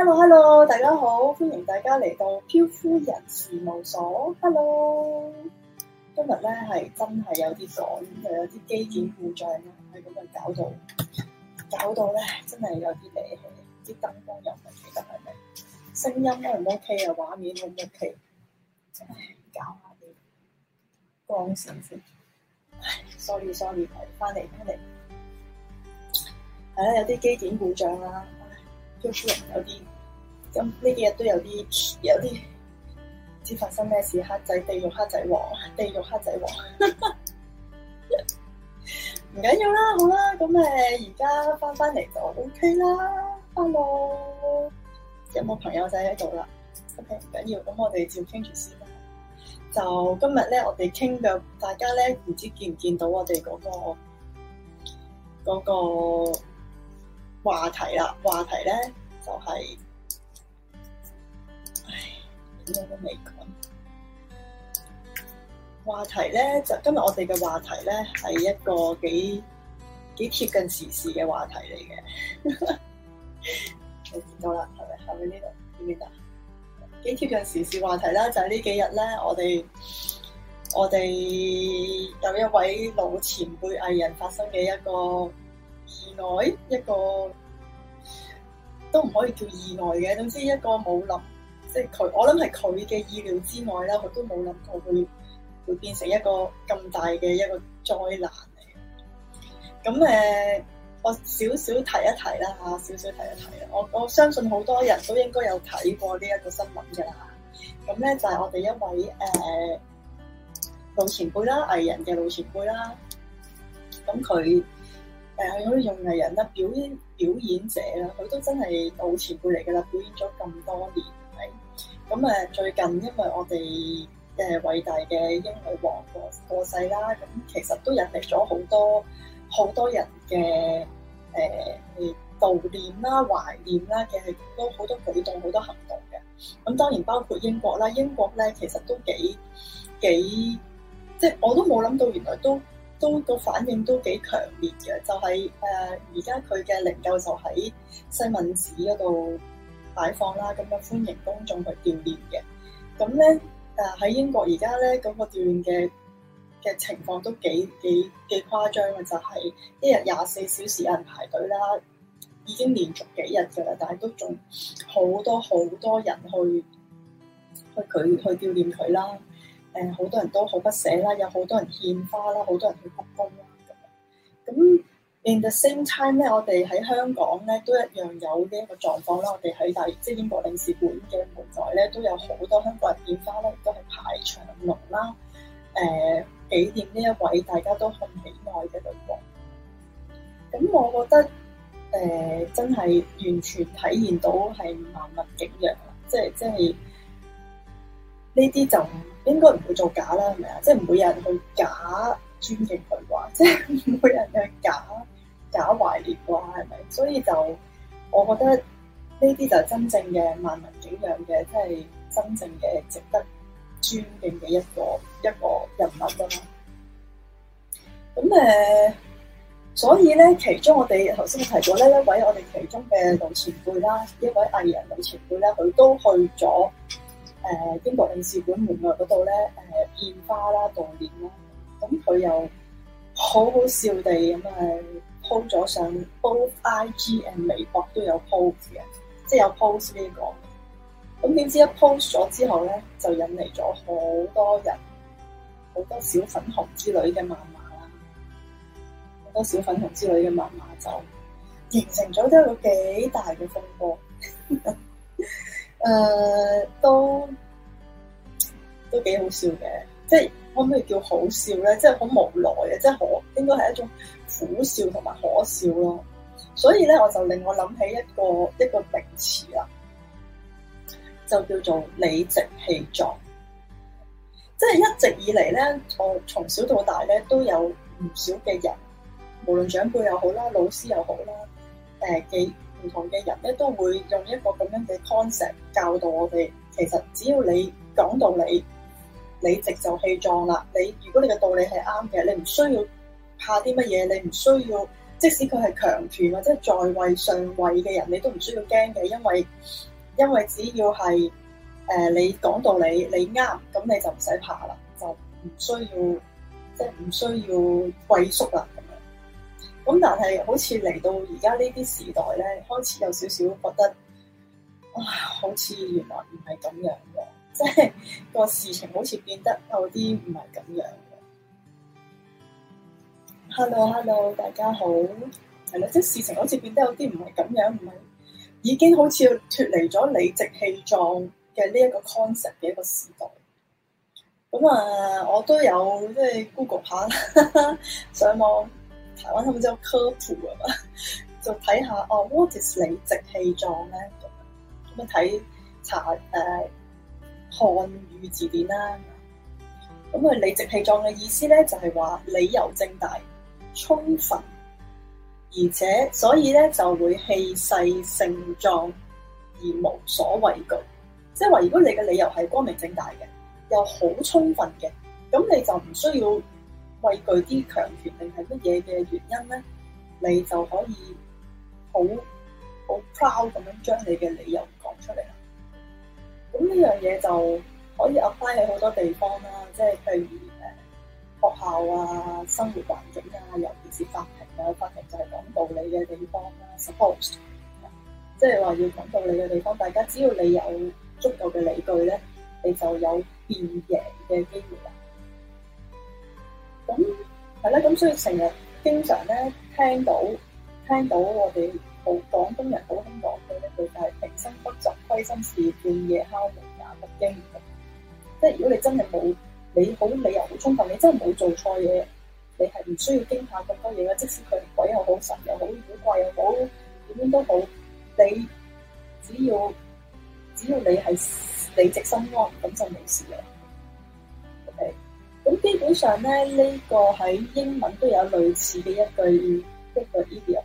Hello，Hello，hello, 大家好，歡迎大家嚟到漂夫人事務所。Hello，今日咧係真係有啲趕，又有啲機件故障啦，係咁樣啊，搞到搞到咧，真係有啲離譜，啲燈光又唔記得係咪？聲音 O 唔 O K 啊？畫面好唔 O K？真係搞下啲光線先。唉，Sorry，Sorry，翻嚟翻嚟，係啦，啊，有啲機件故障啦。啲人有啲咁呢幾日都有啲有啲唔知發生咩事黑仔地獄黑仔王地獄黑仔王唔緊要啦好啦咁誒而家翻翻嚟就 O K 啦 Hello 有冇朋友仔喺度啦 O K 唔緊要咁我哋照傾住先啦就今日咧我哋傾嘅大家咧唔知見唔見到我哋嗰個嗰個話題啦話題咧。都未講話題咧，就今日我哋嘅話題咧，係一個幾幾貼近時事嘅話題嚟嘅。 到啦，係咪？喺邊呢度？邊度？幾貼近時事話題啦？就係呢幾日咧，我哋我哋有一位老前輩藝人發生嘅一個意外，一個都唔可以叫意外嘅，總之一個冇諗。即係佢，我諗係佢嘅意料之外啦，佢都冇諗過會會變成一個咁大嘅一個災難嚟嘅。咁誒、呃，我少少提一提啦吓，少少提一提啦。我我相信好多人都應該有睇過呢一個新聞噶啦。咁咧就係、是、我哋一位誒、呃、老前輩啦，藝人嘅老前輩啦。咁佢誒，佢可以用藝人啦，表演表演者啦，佢都真係老前輩嚟噶啦，表演咗咁多年。咁誒，最近因為我哋誒偉大嘅英女王過過世啦，咁其實都引嚟咗好多好多人嘅誒、呃、悼念啦、懷念啦嘅，其實都好多舉動好多行動嘅。咁當然包括英國啦，英國咧其實都幾幾，即係我都冇諗到原來都都個反應都幾強烈嘅，就係誒而家佢嘅靈柩就喺西敏寺嗰度。解放啦，咁樣歡迎公眾去悼念嘅。咁咧，誒喺英國而家咧，嗰個悼念嘅嘅情況都幾幾幾誇張嘅，就係一日廿四小時有人排隊啦，已經連續幾日嘅啦，但係都仲好多好多人去去佢去悼念佢啦。誒，好多人都好不捨啦，有好多人獻花啦，好多人去鞠躬啦，咁。In the same time 咧，我哋喺香港咧都一樣有呢一個狀況啦。我哋喺大英即、就是、英國領事館嘅門外咧，都有好多香港人見翻咧，亦都係排長龍啦。誒、呃，紀念呢一位大家都好喜愛嘅女王。咁我覺得誒、呃，真係完全體現到係萬民景仰，即係即係呢啲就應該唔會做假啦，係咪啊？即係唔會有人去假。尊敬佢啩，即係冇人去假假懷念啩係咪？所以就我覺得呢啲就係真正嘅萬民景仰嘅，即係真正嘅值得尊敬嘅一個一個人物啦。咁誒、呃，所以咧，其中我哋頭先提到呢一位我哋其中嘅老前輩啦，一位藝人老前輩咧，佢都去咗誒、呃、英國領事館門外嗰度咧，誒、呃、獻花啦悼念啦。咁佢又好好笑地咁係 po 咗上煲 IG and 微博都有 po 嘅，即係有 post 呢個。咁點知一 post 咗之後咧，就引嚟咗好多人，好多小粉紅之類嘅謾罵啦，好多小粉紅之類嘅謾罵就形成咗一個幾大嘅風波。誒、 uh,，都都幾好笑嘅，即係。可唔可以叫好笑咧？即係好無奈啊！即係可，應該係一種苦笑同埋可笑咯。所以咧，我就令我諗起一個一個名詞啦，就叫做理直氣壯。即係一直以嚟咧，我從小到大咧都有唔少嘅人，無論長輩又好啦，老師又好啦，誒、呃，幾唔同嘅人咧，都會用一個咁樣嘅 concept 教導我哋。其實只要你講道理。理直就氣壯啦！你如果你嘅道理係啱嘅，你唔需要怕啲乜嘢，你唔需要即使佢係強權或者在位上位嘅人，你都唔需要驚嘅，因為因為只要係誒、呃、你講道理，你啱咁你就唔使怕啦，就唔需要即係唔需要畏縮啦咁樣。咁但係好似嚟到而家呢啲時代咧，開始有少少覺得，啊，好似原來唔係咁樣㗎。即係、這個事情好似變得有啲唔係咁樣。Hello，Hello，hello, 大家好，係咪即係事情好似變得有啲唔係咁樣，唔係已經好似脱離咗理直氣壯嘅呢一個 concept 嘅一個時代。咁啊，我都有即係、就是、Google 下、啊、上網，台灣係咪叫做科普啊？ 就睇下哦、oh,，what is 理直氣壯咧？咁啊睇查誒。漢語字典啦，啊，咁佢理直氣壯嘅意思咧就係話理由正大、充分，而且所以咧就會氣勢盛壯而無所畏懼，即係話如果你嘅理由係光明正大嘅，又好充分嘅，咁你就唔需要畏懼啲強權定係乜嘢嘅原因咧，你就可以好好 proud 咁樣將你嘅理由講出嚟。咁呢樣嘢就可以 apply 喺好多地方啦，即係譬如誒學校啊、生活環境啊，尤其是法庭啊。法庭就係講道理嘅地方啦，啊。Suppose，啊，即係話要講道理嘅地方，大家只要你有足夠嘅理據咧，你就有變贏嘅機會啦。咁係啦，咁所以成日經常咧聽到聽到我哋。廣東人好興講嘅一句，就係平生不做虧心事，半夜敲門也不驚。即係如果你真係冇你好理由好充分，你真係冇做錯嘢，你係唔需要驚吓咁多嘢嘅。即使佢鬼又好神又好，古怪又好，點樣都好，你只要只要你係理直心安，咁就冇事嘅。OK，咁基本上咧，呢個喺英文都有類似嘅一句一句 idiom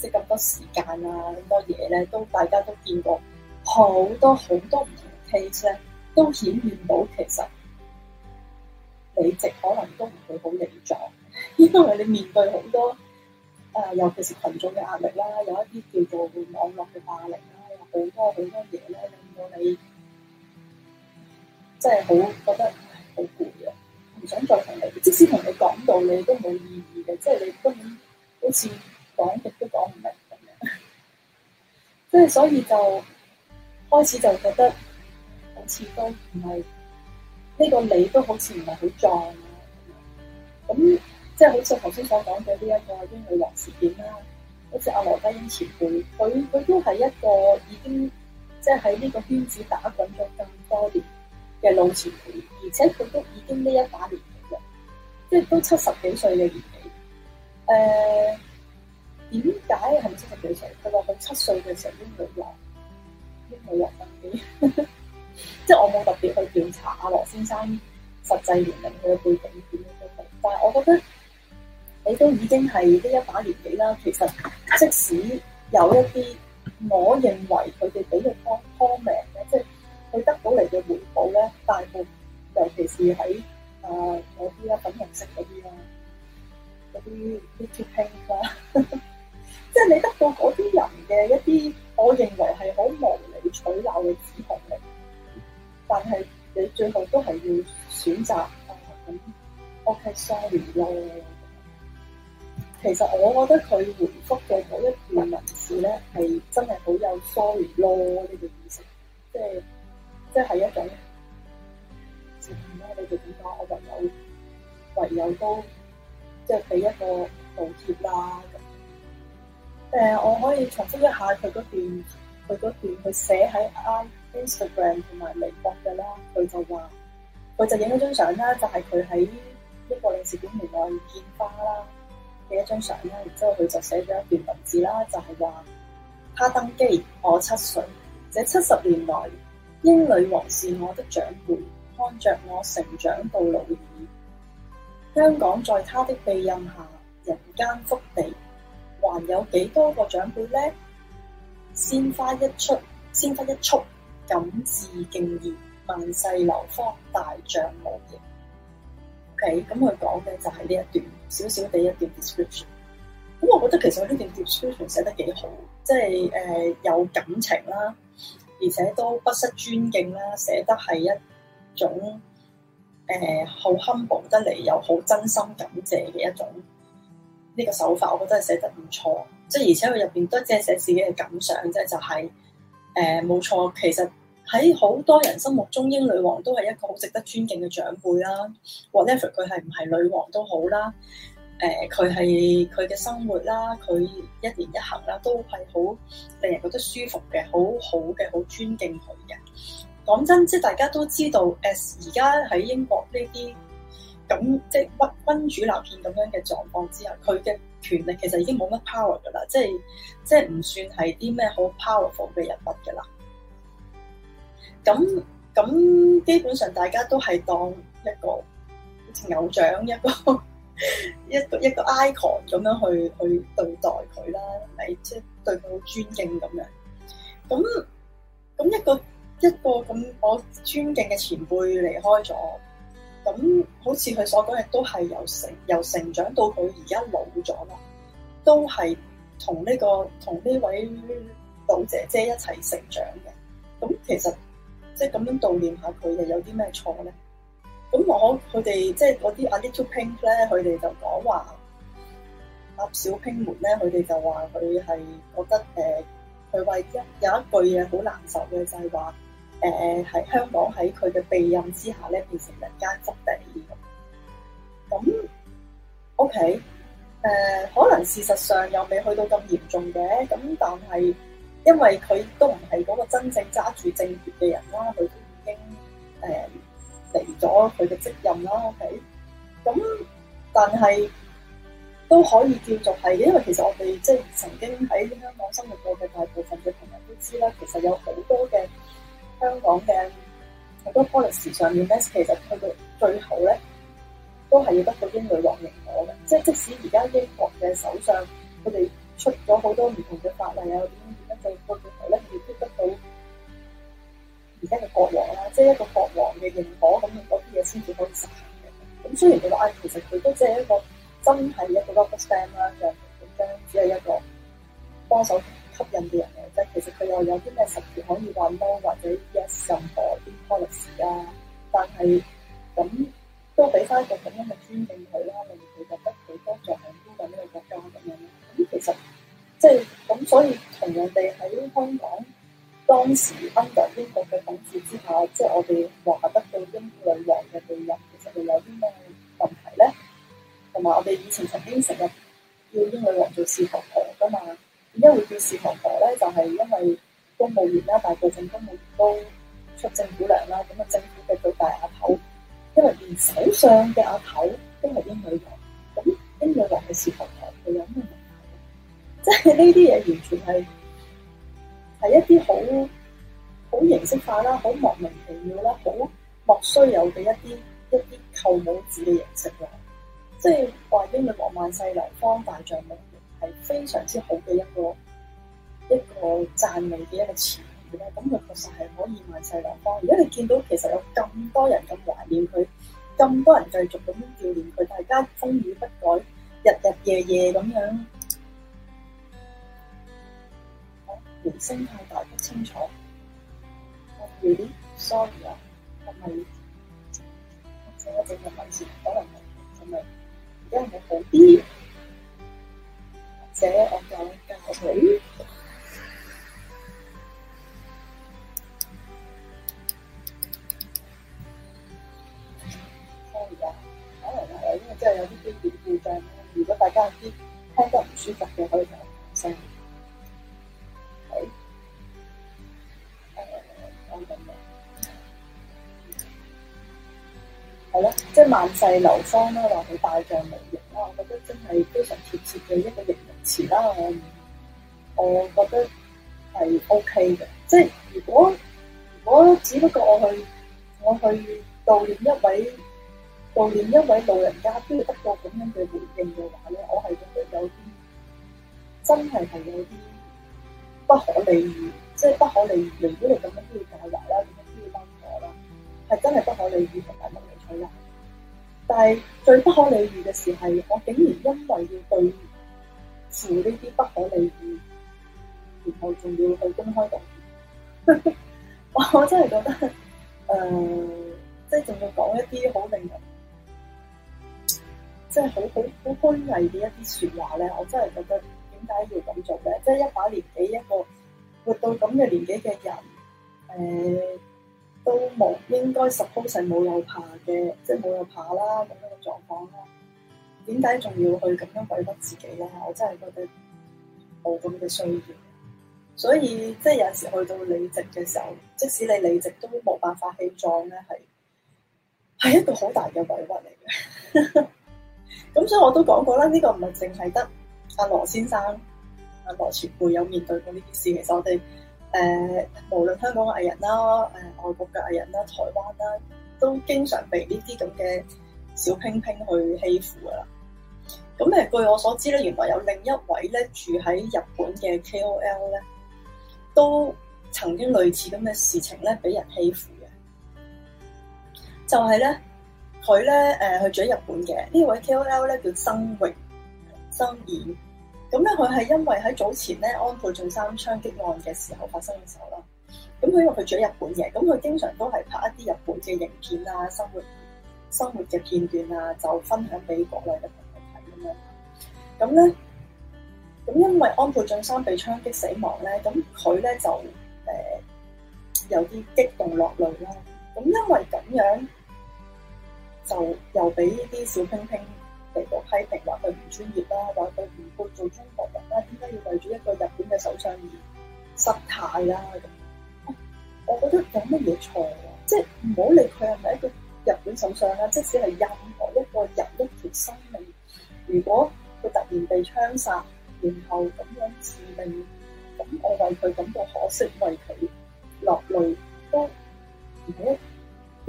即咁多時間啊，咁多嘢咧，都大家都見過好多好多唔同嘅 case 咧，都顯現到其實理直可能都唔會好氣壯，因為你面對好多誒、呃，尤其是群眾嘅壓力啦，有一啲叫做網絡嘅霸凌啦，有好多好多嘢咧，令到你即係好覺得好攰啊，唔想再同你，即，即使同你講道理都冇意義嘅，即係你根本好似。講亦都講唔明，咁樣，即係所以就開始就覺得好似都唔係呢個，你都好似唔係好壯啊，咁即係好似頭先所講嘅呢一個英女王事件啦，好似阿羅家英前輩，佢佢都係一個已經即係喺呢個圈子打滾咗咁多年嘅老前輩，而且佢都已經呢一把年紀，即係都七十幾歲嘅年紀，誒、呃。點解係唔知佢幾歲？佢話佢七歲嘅時候英女王，英女王登基， 即係我冇特別去調查阿羅先生實際年齡佢嘅背景點樣，但係我覺得你都已經係呢一把年紀啦。其實即使有一啲，我認為佢哋俾嘅 com 咧，即係佢得到嚟嘅回報咧，大部分尤其是喺誒有啲粉紅色嗰啲啦，嗰啲啲接嘅一啲，我認為係好無理取鬧嘅指控嚟，但係你最後都係要選擇咁。嗯、OK，sorry 咯。其實我覺得佢回覆嘅嗰一段文字咧，係真係好有 sorry 咯呢個意思，即係即係一種，無論啦。你哋點解？我唯有唯有都即係俾一個道歉啦。誒、呃，我可以重複一下佢嗰段，佢嗰段佢寫喺 I Instagram 同埋微博嘅啦。佢就話，佢就影咗張相啦，就係佢喺呢個歷史展覽內見花啦嘅一張相啦。然之後佢就寫咗一段文字啦，就係、是、話，他登基，我七歲，這七十年來，英女王是我的長輩，看着我成長到老矣。香港在他的庇蔭下，人間福地。還有幾多個長輩咧？鮮花一出，鮮花一束，感至敬意，萬世流芳，大將無言。OK，咁佢講嘅就係呢一段少少地一段 description。咁、嗯、我覺得其實佢呢段 description 寫得幾好，即係誒、呃、有感情啦，而且都不失尊敬啦，寫得係一種誒好、呃、humble 得嚟又好真心感謝嘅一種。呢個手法我覺得係寫得唔錯，即係而且佢入邊都只係寫自己嘅感想啫，就係誒冇錯，其實喺好多人心目中，英女王都係一個好值得尊敬嘅長輩啦。whatever 佢係唔係女王都好啦，誒佢係佢嘅生活啦，佢一言一行啦，都係好令人覺得舒服嘅，好好嘅，好尊敬佢嘅。講真，即係大家都知道，as 而家喺英國呢啲。咁即係君君主立憲咁樣嘅狀況之下，佢嘅權力其實已經冇乜 power 㗎喇，即係即係唔算係啲咩好 powerful 嘅人物㗎喇。咁咁基本上大家都係當一個好似偶像一個一個一個 icon 咁樣去去對待佢啦，係即係對佢好尊敬咁樣。咁咁一個一個咁我尊敬嘅前輩離開咗。咁好似佢所講，嘅都係由成由成長到佢而家老咗啦，都係同呢個同呢位老姐姐一齊成長嘅。咁其實即係咁樣悼念下佢，又有啲咩錯咧？咁我佢哋即係嗰啲阿 Little Pink 咧，佢哋就講話阿小拼門咧，佢哋就話佢係覺得誒，佢為一有一句嘢好難受嘅，就係話。誒喺、呃、香港喺佢嘅庇任之下咧，變成人間質地咁，OK 誒、呃、可能事實上又未去到咁嚴重嘅，咁但係因為佢都唔係嗰個真正揸住政權嘅人啦，佢都已經誒離咗佢嘅職任啦，OK，咁但係都可以叫做係，因為其實我哋即係曾經喺香港生活過嘅大部分嘅朋友都知啦，其實有好多嘅。香港嘅好多 policy 上面咧，其實去到最後咧，都係要得到英女王認可嘅。即係即使而家英國嘅首相，佢哋出咗好多唔同嘅法例啊，點點點，最後咧亦都得到而家嘅國王啦，即係一個國王嘅認可，咁嗰啲嘢先至可以實行嘅。咁雖然你話啊，其實佢都只係一個真係一個 rubber stamp 啦，就咁樣只係一個幫手吸引嘅人。有啲咩實業可以揾多，或者一任何啲 policy 啊？但係咁都俾翻一個咁樣嘅尊敬佢啦，令佢覺得佢都仲係英國呢個國家咁樣咧。咁其實，即係咁，所以同樣哋喺香港當時 under 英國嘅統治之下，即係我哋話得到英女王嘅對印，其實實有啲咩問題咧？同埋我哋以前曾經成日要英女王做視嘅阿頭都係英女王。咁英女王嘅視頻佢有咩問題？即係呢啲嘢完全係係一啲好好形式化啦，好莫名其妙啦，好莫須有嘅一啲一啲扣帽子嘅形式咯。即係話英女王萬世流芳大將冇，係非常之好嘅一個一個讚美嘅一個詞語。咁佢確實係可以萬世流芳。而家你見到其實有咁多人咁懷念佢。咁多人繼續咁鍛鍊佢，大家風雨不改，日日夜夜咁樣。言聲太大，不清楚。sorry，係咪？請我靜靜問先，等一等，係咪？而家係咪好啲？謝，我再教佢。因為真係有啲經典對仗，如果大家有啲聽得唔舒服嘅，可以講聲。係，誒、呃，我諗，係即係萬世流芳啦，或者大將無形啦，我覺得真係非常貼切嘅一個形容詞啦。我，我覺得係 OK 嘅。即係如果，如果只不過我去，我去悼念一位。.悼念一位老人家都得到個咁樣嘅回應嘅話咧，我係覺得有啲真係係有啲不可理喻，即係不可理喻。如果你咁樣都要介入啦，咁樣都要幫助啦，係真係不可理喻同埋無理取鬧。但係最不可理喻嘅事係，我竟然因為要對付呢啲不可理喻，然後仲要去公開道歉。 我真係覺得誒、呃，即係仲要講一啲好令人～即係好好好虛偽嘅一啲説話咧，我真係覺得點解要咁做咧？即係一把年紀一個活到咁嘅年紀嘅人，誒、呃、都冇應該 suppose 冇後怕嘅，即係冇後怕啦，咁樣嘅狀況啦。點解仲要去咁樣委屈自己咧？我真係覺得冇咁嘅需要。所以即係有時去到理直嘅時候，即使你理直都冇辦法氣壯咧，係係一個好大嘅委屈嚟嘅。 咁所以我都講過啦，呢、這個唔係淨係得阿羅先生、阿、啊、羅前輩有面對過呢件事，其實我哋誒、呃、無論香港嘅藝人啦、誒、呃、外國嘅藝人啦、台灣啦，都經常被呢啲咁嘅小粉紅去欺負噶啦。咁、嗯、誒，據我所知咧，原來有另一位咧住喺日本嘅 KOL 咧，都曾經類似咁嘅事情咧，俾人欺負嘅，就係、是、咧。佢咧，誒去咗日本嘅呢位 KOL 咧，叫生榮生演。咁咧佢係因為喺早前咧安倍晉三槍擊案嘅時候發生嘅時候啦，咁佢因為去咗日本嘅，咁佢經常都係拍一啲日本嘅影片啊，生活生活嘅片段啊，就分享俾國內嘅朋友睇咁樣呢。咁咧，咁因為安倍晉三被槍擊死亡咧，咁佢咧就誒、呃、有啲激動落淚啦。咁因為咁樣。就又俾呢啲小兵兵嚟到批評，話佢唔專業啦，話佢唔會做中國人啦，點、啊、解要為咗一個日本嘅首相而失態啦？我覺得有乜嘢錯啊？即係唔好理佢係咪一個日本首相啦，即使係任何一個人一條生命，如果佢突然被槍殺，然後咁樣致命，咁我為佢感到可惜為，為佢落淚都唔好。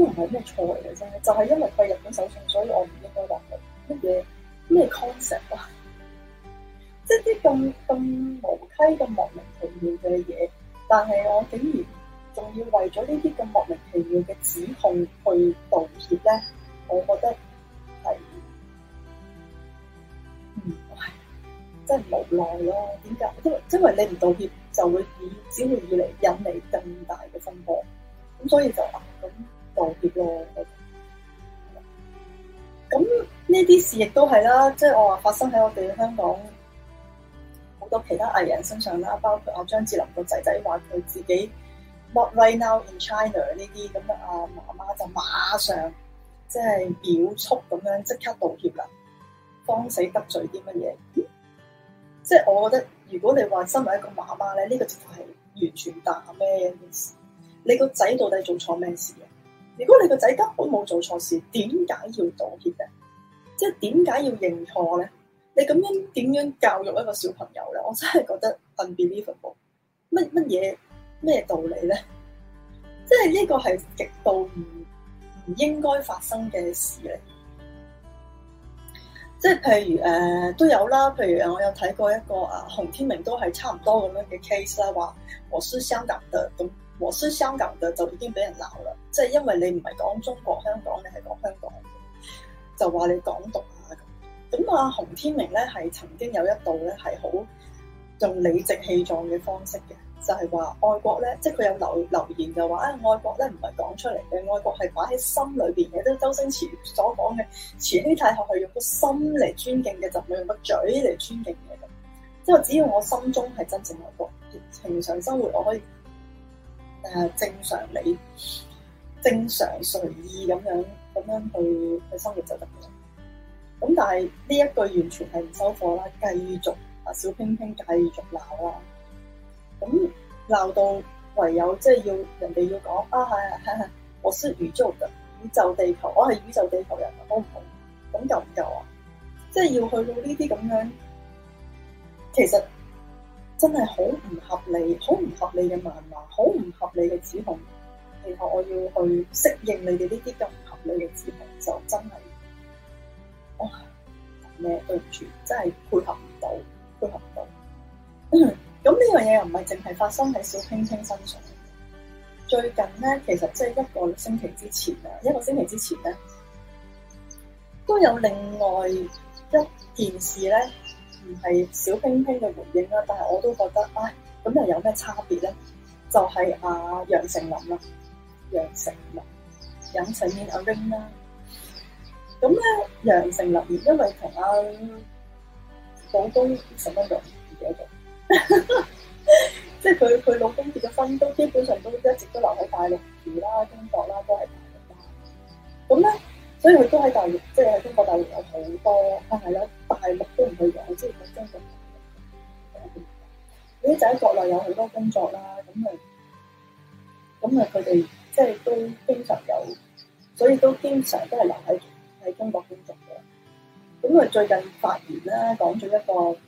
都唔係咩錯嚟嘅啫，就係、是、因為佢日本手信，所以我唔應該話佢乜嘢咩 concept 啊，即係啲咁咁無稽、咁莫名其妙嘅嘢，但係我竟然仲要為咗呢啲咁莫名其妙嘅指控去道歉咧，我覺得係，嗯，哎、真係無奈咯、啊。點解？因為因為你唔道歉，就會以只會以嚟引嚟更大嘅風波，咁所以就話咁。嗯道歉咯，咁呢啲事亦都係啦，即、就、係、是、我話發生喺我哋香港好多其他藝人身上啦，包括阿張智霖個仔仔話佢自己 What right now in China 呢啲，咁阿媽媽就馬上即係、就是、表速咁樣即刻道歉啦，慌死得罪啲乜嘢？即、嗯、係、就是、我覺得如果你話身為一個媽媽咧，呢、這個情況係完全打咩事，你個仔到底做錯咩事？如果你個仔根本冇做錯事，點解要道歉咧？即係點解要認錯咧？你咁樣點樣教育一個小朋友咧？我真係覺得 unbelievable，乜乜嘢咩道理咧？即係呢個係極度唔唔應該發生嘅事嚟。即係譬如誒、呃、都有啦，譬如我有睇過一個啊洪天明都係差唔多咁樣嘅 case 啦話，我是香得？」的。和稀相隔嘅就已經俾人鬧啦，即係因為你唔係講中國香港，你係講香港嘅，就話你港獨啊咁。咁啊，洪天明咧係曾經有一度咧係好用理直氣壯嘅方式嘅，就係話愛國咧，即係佢有留留言就話啊，愛國咧唔係講出嚟嘅，愛國係擺喺心裏邊嘅，即係周星馳所講嘅，慈禧太學係用個心嚟尊敬嘅，就唔係用個嘴嚟尊敬嘅咁。即係只要我心中係真正愛國，平常生活我可以。誒正常，你正常隨意咁樣咁樣去去生活就得嘅。咁但係呢一句完全係唔收貨啦，繼續，小輕輕繼續啊小拼拼，繼續鬧啦。咁鬧到唯有即係要人哋要講啊係係係，我屬於宇，宇宙地球，我係宇宙地球人，好唔好？咁夠唔夠啊？即係要去到呢啲咁樣，其實。真係好唔合理，好唔合理嘅謾罵，好唔合理嘅指控，然後我要去適應你哋呢啲咁唔合理嘅指控，就真係哇咩對唔住，真係配合唔到，配合唔到。咁呢樣嘢又唔係淨係發生喺小青青身上。最近咧，其實即係一個星期之前啊，一個星期之前咧，都有另外一件事咧。唔係小星星嘅回應啦，但係我都覺得，唉，咁又有咩差別咧？就係阿楊丞琳啦，楊丞琳，楊丞琳阿 Ring 啦。咁咧、啊，楊丞琳因為同阿廣東什麼度住嘅度， 即係佢佢老公結咗婚都基本上都一直都留喺大陸住啦，工作啦都係大陸。咁、啊、咧。嗯嗯所以佢都喺大陸，即係喺中國大陸有好多，但係啦，大陸都唔去嘅，我知佢中、嗯就是、國大陸，佢啲仔喺國內有好多工作啦，咁啊，咁啊，佢哋即係都經常有，所以都經常都係留喺喺中國工作嘅。咁佢最近發言咧，講咗一個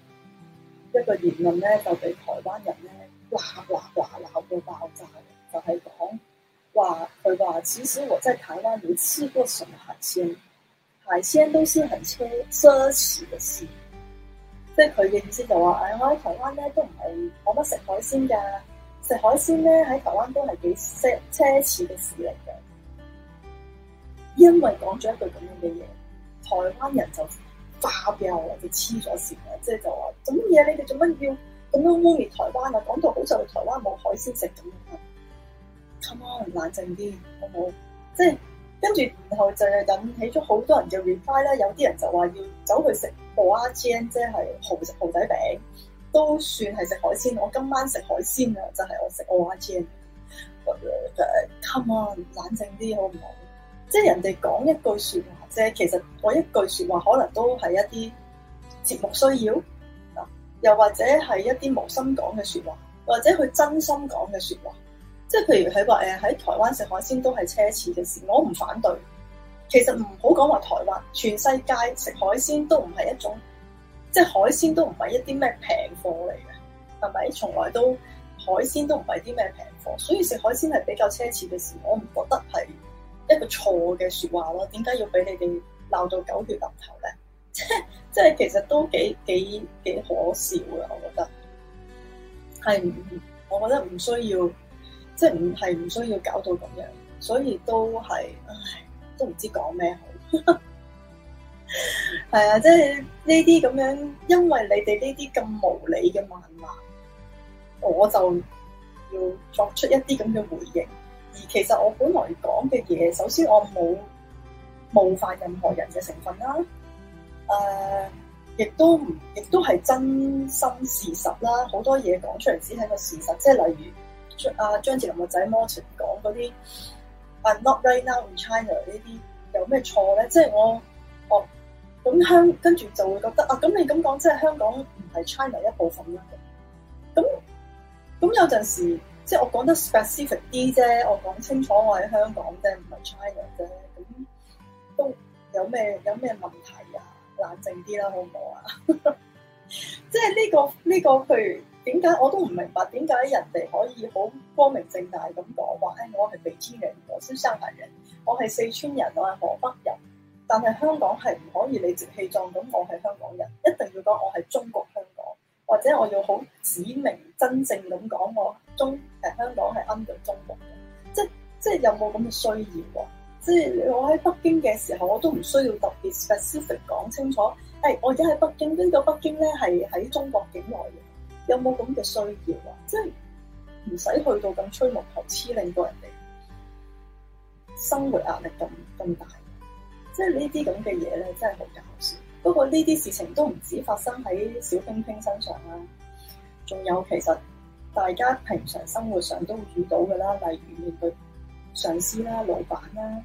一個言論咧，就俾台灣人咧，嗱嗱嗱鬧到爆炸，就係、是、講。哇！佢話！其實我真在台灣冇試過什麼海鮮，海鮮都先係奢奢侈嘅事。即係佢嘅意思就話：誒、哎，我喺台灣咧都唔係冇乜食海鮮㗎，食海鮮咧喺台灣都係幾奢奢侈嘅事嚟嘅。因為講咗一句咁樣嘅嘢，台灣人就炸鳩或者黐咗線啦！即係就話：做乜嘢？你哋做乜要咁樣污蔑台灣啊？講到好似去台灣冇海鮮食咁樣。come on，冷靜啲好唔好？即係跟住，然後就引起咗好多人嘅 reply 啦。有啲人就話要走去食蚵仔煎，即係蠔仔餅，都算係食海鮮。我今晚食海鮮啊，就係我食蚵仔煎。Uh, come on，冷靜啲好唔好？即係人哋講一句説話啫，即其實我一句説話可能都係一啲節目需要啊，又或者係一啲無心講嘅説話，或者佢真心講嘅説話。即係譬如佢話誒喺台灣食海鮮都係奢侈嘅事，我唔反對。其實唔好講話台灣，全世界食海鮮都唔係一種，即係海鮮都唔係一啲咩平貨嚟嘅，係咪？從來都海鮮都唔係啲咩平貨，所以食海鮮係比較奢侈嘅事，我唔覺得係一個錯嘅説話咯。點解要俾你哋鬧到狗血淋頭咧？即係即係其實都幾幾幾可笑嘅，我覺得係唔，我覺得唔需要。即係唔係唔需要搞到咁樣，所以都係，唉，都唔知講咩好。係 啊，即係呢啲咁樣，因為你哋呢啲咁無理嘅謾罵，我就要作出一啲咁嘅回應。而其實我本來講嘅嘢，首先我冇冒犯任何人嘅成分啦。誒、啊，亦都唔，亦都係真心事實啦。好多嘢講出嚟只係個事實，即係例如。張啊，張智霖個仔 Martin 講嗰啲 I'm not right now in China 呢啲有咩錯咧？即係我我咁香、嗯嗯、跟住就會覺得啊，咁你咁講即係香港唔係 China 一部分啦。咁咁有陣時即係我講得 specific 啲啫，我講清楚我喺香港啫，唔係 China 啫。咁都有咩有咩問題啊？冷靜啲啦，好唔好啊？ 即係、呢個、呢個呢、呢個譬如……點解我都唔明白？點解人哋可以好光明正大咁講話？誒，我係北京人，我係上海人，我係四川人，我係河北人，但係香港係唔可以理直氣壯咁講我係香港人，一定要講我係中國香港，或者我要好指明真正咁講我中誒、呃、香港係 under 中國嘅，即係即係有冇咁嘅需要啊？即係我喺北京嘅時候，我都唔需要特別 specific 講清楚，誒、哎，我而家喺北京，呢、這個北京咧係喺中國境內嘅。有冇咁嘅需要啊？即係唔使去到咁吹毛求疵，令到人哋生活壓力咁咁大。即係呢啲咁嘅嘢咧，真係好搞笑。不過呢啲事情都唔止發生喺小冰冰身上啦，啊，仲有其實大家平常生活上都會遇到噶啦，例如面對上司啦，啊，老板啦、啊，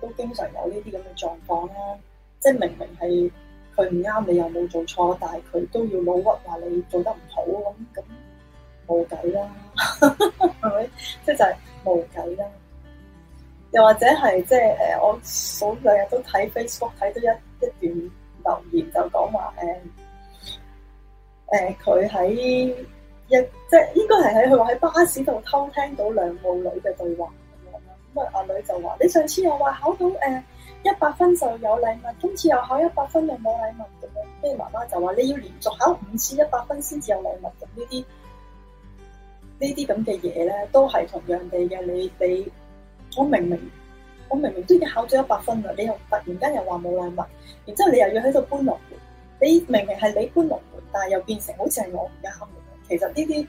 都經常有呢啲咁嘅狀況啦。即係明明係。佢唔啱你又冇做錯，但係佢都要老屈話你做得唔好咁，咁冇計啦，係咪？即係冇計啦。又或者係即係誒，我早兩日都睇 Facebook 睇到一一段留言就說說，就講話誒誒，佢喺一即係應該係喺佢話喺巴士度偷聽到兩母女嘅對話咁樣。咁啊，阿女就話：你上次又話考到誒。呃一百分就有禮物，今次又考一百分又冇禮物咁樣，跟住媽媽就話你要連續考五次一百分先至有禮物。咁呢啲呢啲咁嘅嘢咧，都係同樣地嘅你你我明明我明明都已考咗一百分啦，你又突然間又話冇禮物，然之後你又要喺度搬龍門，你明明係你搬龍門，但係又變成好似係我而家考嘅，其實呢啲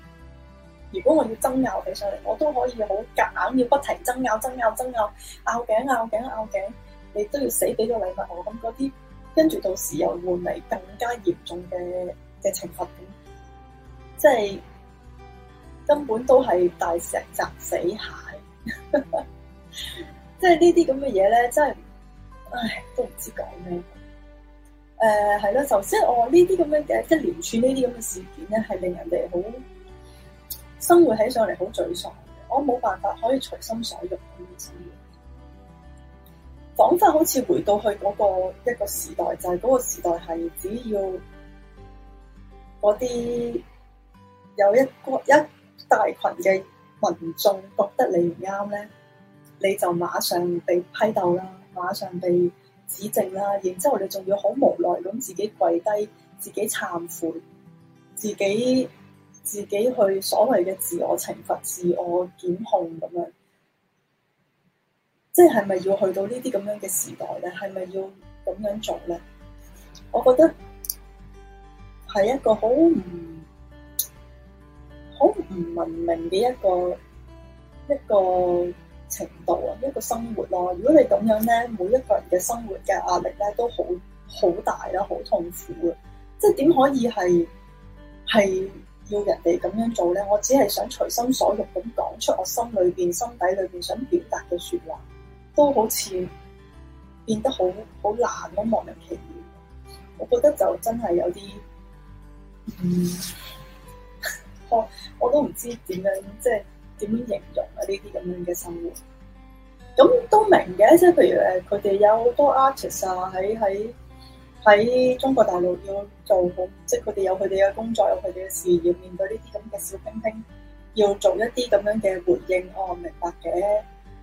如果我要爭拗起上嚟，我都可以好夾硬要不停爭拗爭拗爭拗拗頸拗頸拗頸。你都要死俾個禮物我，咁嗰啲跟住到時又換嚟更加嚴重嘅嘅懲罰，即係根本都係大石砸死蟹，即 係呢啲咁嘅嘢咧，真係，唉，都唔知講咩。誒、呃，係咯，首先我呢啲咁樣嘅即係連串呢啲咁嘅事件咧，係令人哋好生活起上嚟好沮喪，我冇辦法可以隨心所欲咁樣生彷彿好似回到去嗰個一個時代，就係、是、嗰個時代係只要嗰啲有一個一大群嘅民眾覺得你唔啱咧，你就馬上被批鬥啦，馬上被指正啦，然之後你仲要好無奈咁自己跪低，自己懺悔，自己自己去所謂嘅自我懲罰、自我檢控咁樣。即係係咪要去到呢啲咁樣嘅時代咧？係咪要咁樣做咧？我覺得係一個好唔好唔文明嘅一個一個程度啊，一個生活咯。如果你咁樣咧，每一個人嘅生活嘅壓力咧都好好大啦，好痛苦啊！即係點可以係係要人哋咁樣做咧？我只係想隨心所欲咁講出我心裏邊、心底裏邊想表達嘅說話。都好似變得好好難咯，啊，莫名其妙。我覺得就真係有啲，嗯， 我我都唔知點樣即係點樣形容啊呢啲咁樣嘅生活。咁都明嘅，即係譬如咧，佢哋有好多 artists 啊，喺喺喺中國大陸要做好，即係佢哋有佢哋嘅工作，有佢哋嘅事業，面對呢啲咁嘅小冰冰，要做一啲咁樣嘅回應。我明白嘅。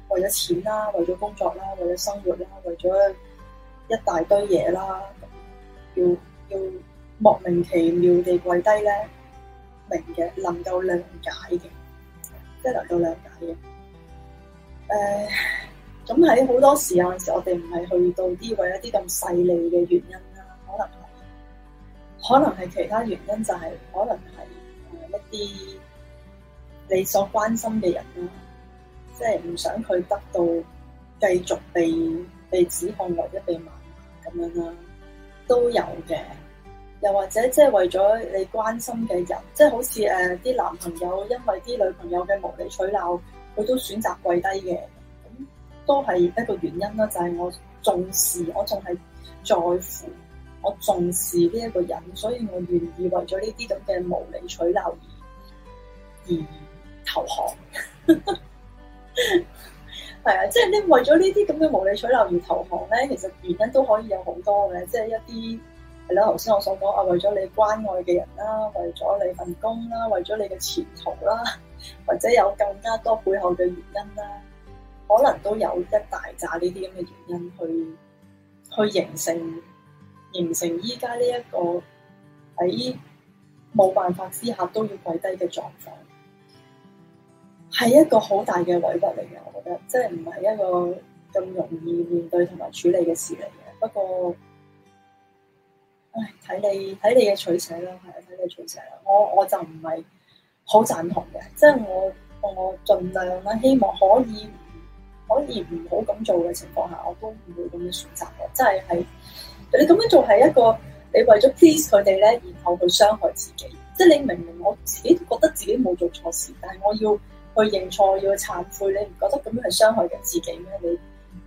為咗錢啦，為咗工作啦，為咗生活啦，為咗一大堆嘢啦，要要莫名其妙地跪低咧，明嘅，能夠諒解嘅，即係能夠諒解嘅。誒、呃，咁喺好多時有陣時，我哋唔係去到啲為一啲咁細膩嘅原因啦，可能係，可能係其他原因，就是，就係可能係一啲你所關心嘅人啦。即係唔想佢得到繼續被被指控或者被罵咁樣啦，都有嘅。又或者即係為咗你關心嘅人，即係好似誒啲男朋友，因為啲女朋友嘅無理取鬧，佢都選擇跪低嘅。咁都係一個原因啦，就係我重視，我仲係在乎，我重視呢一個人，所以我願意為咗呢啲咁嘅無理取鬧而而投降。 係啊， 即係你為咗呢啲咁嘅無理取鬧而投降咧，其實原因都可以有好多嘅，即係一啲係啦。頭先我所講，啊，為咗你關愛嘅人啦，為咗你份工啦，為咗你嘅前途啦，或者有更加多背後嘅原因啦，可能都有一大扎呢啲咁嘅原因去去形成形成依家呢一個喺冇辦法之下都要跪低嘅狀況。係一個好大嘅委屈嚟嘅，我覺得，即係唔係一個咁容易面對同埋處理嘅事嚟嘅。不過，唉，睇你睇你嘅取捨啦，係啊，睇你取捨啦。我我就唔係好贊同嘅，即係我我盡量啦，希望可以可以唔好咁做嘅情況下，我都唔會咁樣選擇嘅。即係係你咁樣做係一個你為咗 please 佢哋咧，然後去傷害自己。即係你明明我自己都覺得自己冇做錯事，但係我要。去認錯，要去懺悔，你唔覺得咁樣係傷害緊自己咩？你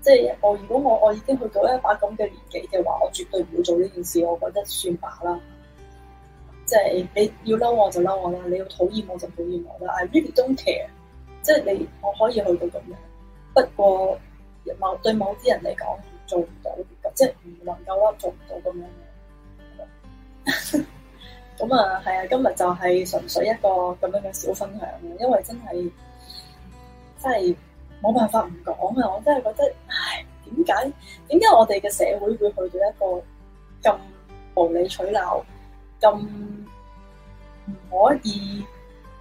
即係我，如果我我已經去到一把咁嘅年紀嘅話，我絕對唔會做呢件事。我覺得算罷啦，即係你要嬲我就嬲我啦，你要討厭我就討厭我啦。I really don't care，即係你我可以去到咁樣，不過某對某啲人嚟講做唔到，即係唔能夠咯，做唔到咁樣。 咁啊，係啊！今日就係純粹一個咁樣嘅小分享，因為真係真係冇辦法唔講啊！我真係覺得，唉，點解點解我哋嘅社會會去到一個咁無理取鬧、咁唔可以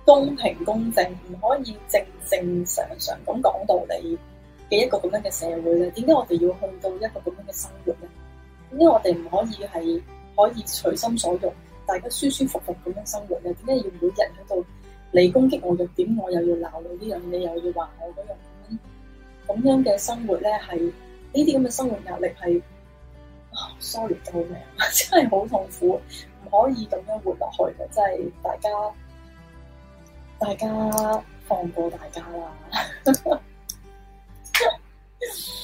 公平公正、唔可以正正常常咁講道理嘅一個咁樣嘅社會咧？點解我哋要去到一個咁樣嘅生活咧？點解我哋唔可以係可以隨心所欲？大家舒舒服服咁樣生活，又點解要每日喺度你攻擊我又點，我又要鬧你呢樣，你又要話我嗰樣咁樣嘅生活咧？係呢啲咁嘅生活壓力係疏離到咩啊？Oh, sorry, 真係好痛苦，唔可以咁樣活落去嘅，真係大家大家放過大家啦。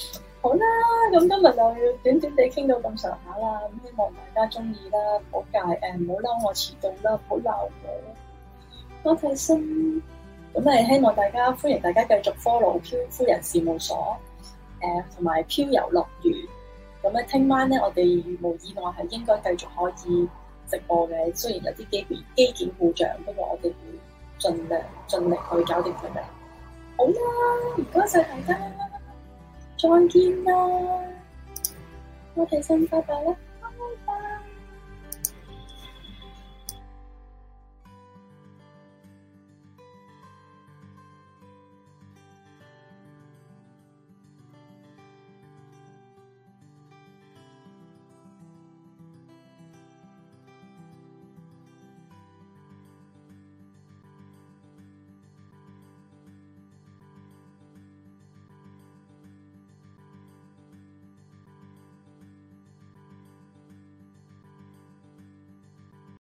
好啦，咁今日就要短短地傾到咁上下啦，咁希望大家中意啦，好介誒唔好嬲我遲到啦，好鬧我，我，多謝參與。咁誒希望大家歡迎大家繼續 follow 漂夫人事務所，誒同埋漂遊樂園。咁咧聽晚咧，我哋無意外係應該繼續可以直播嘅，雖然有啲機件機件故障，不過我哋會盡量盡力去搞掂佢哋。好啦，唔該晒大家。再見啦，我哋先拜拜啦。